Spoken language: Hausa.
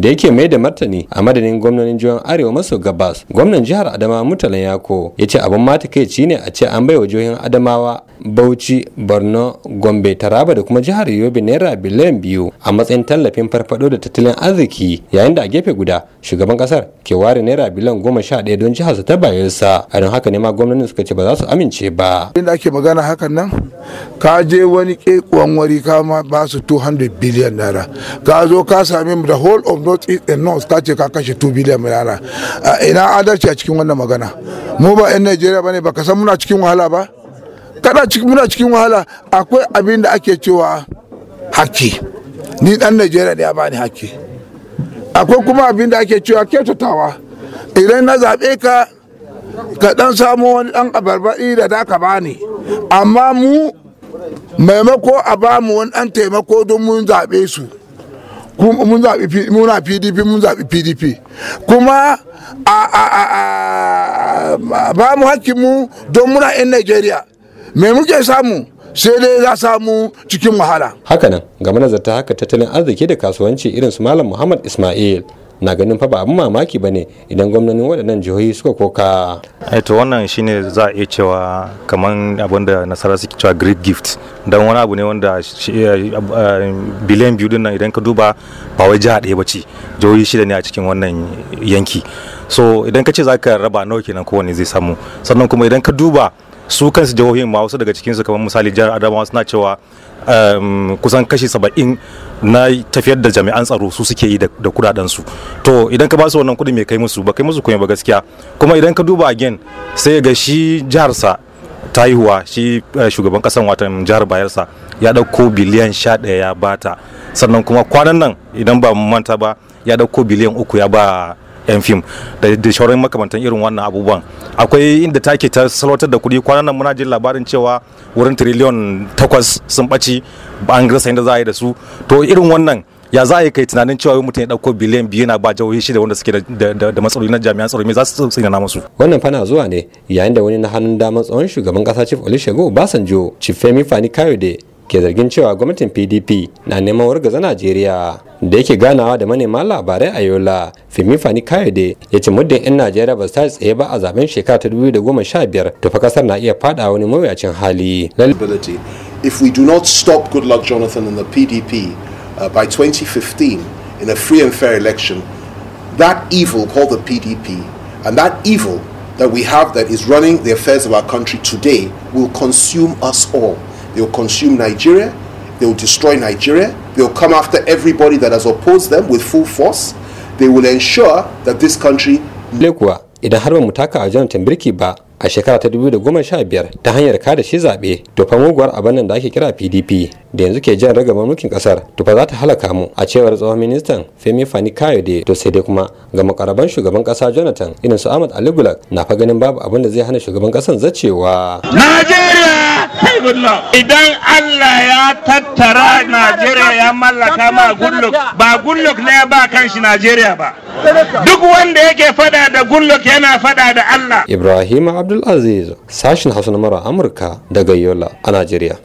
da yake mai da martani a madadin gwamnonin jihar arewa maso gabas gwamnan jihar adamawa mutalan yako ya ce abin mata kai ne a ce an baiwa jihohin adamawa bauchi borno gombe taraba da kuma jihar yobe naira biliyan biyu a matsayin tallafin farfado da tattalin arziki yayin da a gefe guda shugaban kasar ke ware naira biliyan goma sha ɗaya don jihar ta bayelsa a don haka ne ma gwamnatin suka ce ba za su amince ba inda ake magana hakan nan ka je wani kekuwan wari ka ma ba su 200 biliyan naira ka zo ka sami da whole of north east and north ka ce ka kashe 2 biliyan naira ina adalci a cikin wannan magana mu ba 'yan najeriya ba ne ba ka san muna cikin wahala ba kada muna cikin wahala akwai abin da ake cewa haki ni dan najeriya da ya bani haki akwai kuma abin da ake cewa kyautatawa idan na zaɓe ka ka dan samu wani dan abarbaɗi da da ka bani amma mu maimako a ba mu wani dan taimako don mun zaɓe su mun muna pdp mun zaɓi pdp kuma a ba mu hakkinmu don muna 'yan najeriya me muke samu sai dai za samu cikin wahala hakanan ga manazarta haka tattalin arziki da kasuwanci irin su malam muhammad ismail na ganin fa ba abin mamaki ba ne idan gwamnonin waɗannan jihohi suka koka. Eh, to wannan shine za a iya cewa kamar abin da nasara suke cewa great gift don wani abu ne wanda eh, eh, biliyan biyu din nan idan ka duba ba wai jiha ɗaya ba ce jihohi shida ne a cikin wannan yanki so idan ka ce za ka raba nawa kenan kowane zai samu sannan kuma idan ka duba su kansu jihohin ma wasu daga cikinsu kamar misali jihar adamawa suna cewa um, kusan kashi saba'in na tafiyar da jami'an tsaro su suke yi da kudadensu to idan ka ba su wannan kudi mai kai musu ba kai musu kuma ba gaskiya kuma idan ka duba again sai ga shi jiharsa ta haihuwa shi eh, shugaban kasan watan jihar bayelsa ya dauko biliyan sha ɗaya ya bata sannan kuma kwanan nan idan ba manta ba ya dauko biliyan uku ya ba yan fim da shauran makamantan irin wannan abubuwan akwai inda take ta salwatar da kuɗi kwanan nan muna jin labarin cewa wurin tiriliyon takwas sun ɓaci ba an gasa inda za a yi da su to irin wannan ya za a yi kai tunanin cewa wai mutum ya ɗauko biliyan biyu na ba jihohi shida wanda suke da matsaloli na jami'an tsaro me za su tsinana musu. wannan fana zuwa ne yayin da wani na hannun damar tsawon shugaban kasa chief olusegun obasanjo chief femi fani kayode ke zargin cewa gwamnatin pdp na neman wargaza najeriya da yake ganawa da manema labarai a yola femi fani kayode ya ce muddin 'yan najeriya ba tsaye ba a zaben shekara ta 2015 tufa kasar na iya fada wani mawuyacin hali if we do not stop goodluck jonathan and the pdp uh, by 2015 in a free and fair election that evil called the pdp and that evil that we have that is running the affairs of our country today will consume us all They'll consume Nigeria, they'll destroy Nigeria, they'll come after everybody that has opposed them with full force. They will ensure that this country. Lekuwa idan har ba mu taka a Jonathan Birki ba a shekara ta 2015 ta hanyar kada shi zaɓe to fa muguwar abin da ake kira PDP da yanzu ke jan ragamar mulkin kasar to fa za ta halaka mu a cewar tsohon ministan Femi Fani Kayode to sai dai kuma ga makaraban shugaban kasa Jonathan irin su Ahmad Ali na fa ganin babu abin da zai hana shugaban kasan zacewa. Najeriya idan Allah ya tattara Najeriya ya mallaka ma gullok ba gullok ne ba kan shi Najeriya ba duk wanda yake fada da gullok yana fada da Allah Ibrahim Abdulaziz sashin Hausa na Amurka daga Yola a Najeriya